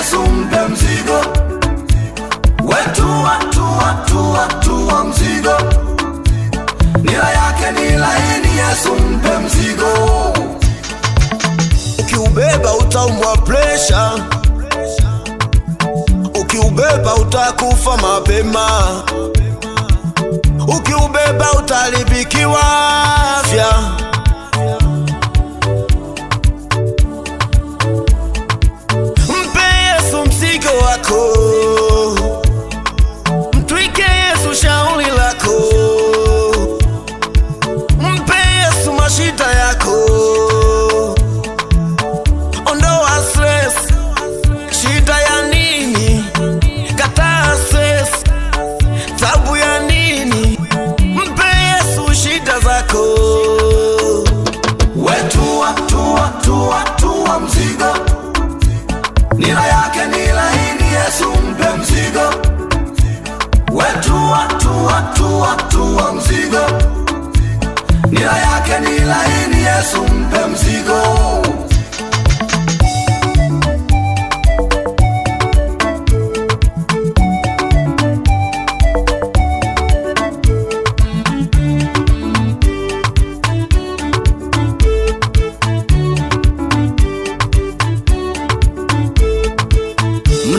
Yesu mpe mzigo mzigo, yake ni laini. Yesu mpe mzigo, ukiubeba utaumwa presha, ukiubeba utakufa mapema, ukiubeba utaribikiwa yake yake ni laini, Yesu mpe mzigo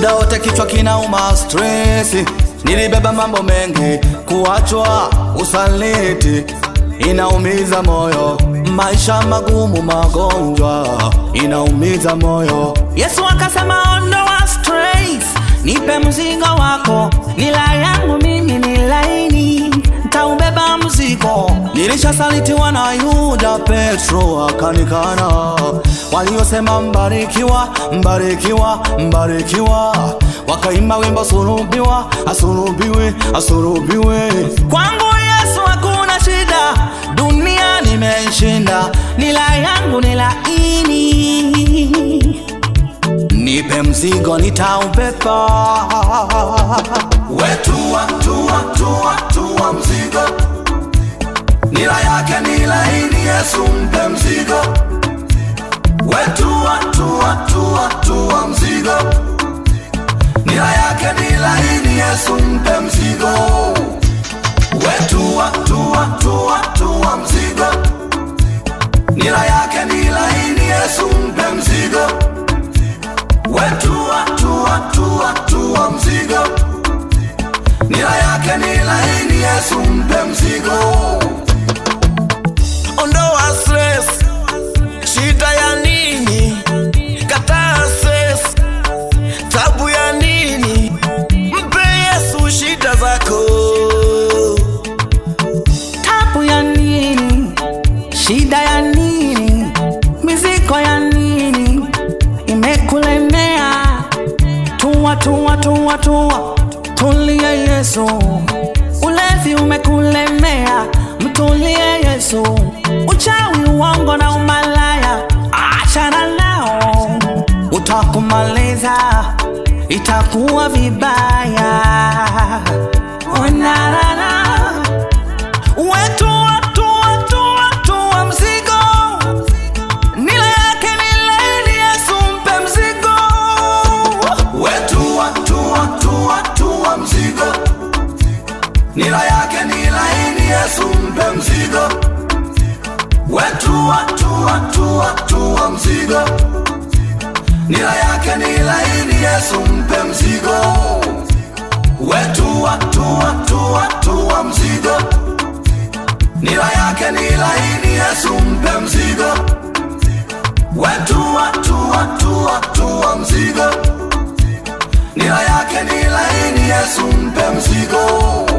muda wote kichwa kinauma stress, nilibeba mambo mengi, kuachwa, usaliti inaumiza moyo, maisha magumu, magonjwa inaumiza moyo. Yesu akasema ondoa stress, nipe mzigo wako nila Nilishasalitiwa na Yuda Petro akanikana, waliosema mbarikiwa, mbarikiwa, mbarikiwa, wakaimba wimbo sulubiwa, asulubiwe, asulubiwe. Kwangu Yesu hakuna shida, dunia nimeshinda, nila yangu ni laini, nipe mzigo nitaupepa, wetua tua tua tua mzigo nila yake ni laini. Yesu mpe mzigo wetu, watu watu watu wa mzigo, nila yake ni laini. Yesu mpe mzigo wetu, watu watu watu wa mzigo, nila yake ni laini. Yesu mpe mzigo wetu, watu watu watu wa mzigo, nila yake ni laini. Yesu mpe hatua, tulie Yesu. Ulevi umekulemea, mtulie Yesu. Uchawi, uongo na umalaya, achana nao, utakumaliza, itakuwa vibaya. Onarara nila yake ni laini. Yesu mpe mzigo wetu, watu watu watu wa mzigo, nila yake ni laini. Yesu mpe mzigo wetu, watu watu watu wa mzigo, nila yake ni laini. Yesu mpe mzigo wetu, watu watu watu wa mzigo, nila yake ni laini. Yesu mpe mzigo wetu, watu, watu, watu, wa mzigo